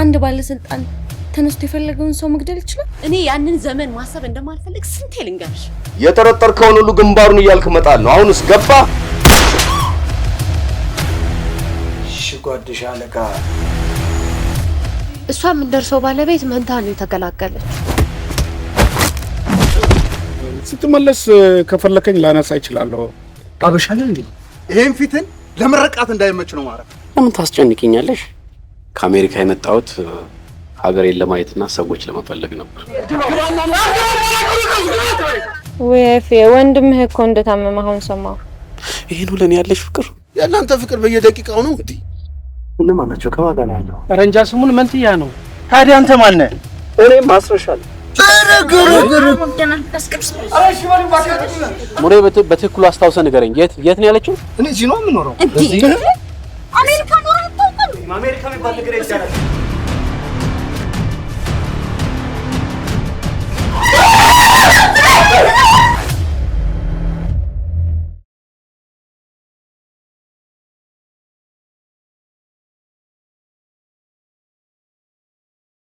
አንድ ባለስልጣን ተነስቶ የፈለገውን ሰው መግደል ይችላል። እኔ ያንን ዘመን ማሰብ እንደማልፈልግ ስንቴ ልንገርሽ። የጠረጠርከውን ሁሉ ግንባሩን እያልክ መጣል ነው። አሁንስ ገባ? እሺ ጓድሽ አለቃ። እሷ የምንደርሰው ባለቤት መንታ ነው የተገላገለች። ስትመለስ ከፈለከኝ ላነሳ ይችላለሁ። አበሻለ እንዴ! ይሄን ፊትን ለመረቃት እንዳይመች ነው ማለት። ለምን ታስጨንቅኛለሽ? ከአሜሪካ የመጣሁት ሀገሬን ለማየትና ሰዎች ለመፈለግ ነበር። ወፌ ወንድምህ እኮ እንደታመመ አሁን ሰማሁ። ይሄ ነው ያለሽ ፍቅር። የእናንተ ፍቅር በየደቂቃው ነው እንዴ? እነማን ናቸው? ከማን ጋር ያለው? ኧረ ስሙን መንትያ ነው። ታዲያ አንተ ማነ? ነህ? እኔም ማስረሻለሁ። ሙሬ በትክክሉ አስታውሰ ንገረኝ። የት የት ነው ያለችው? እኔ እዚህ ነው የምኖረው። አሜሪካ மாமியாருக்கு அவன் பாத்துக்கிறேன்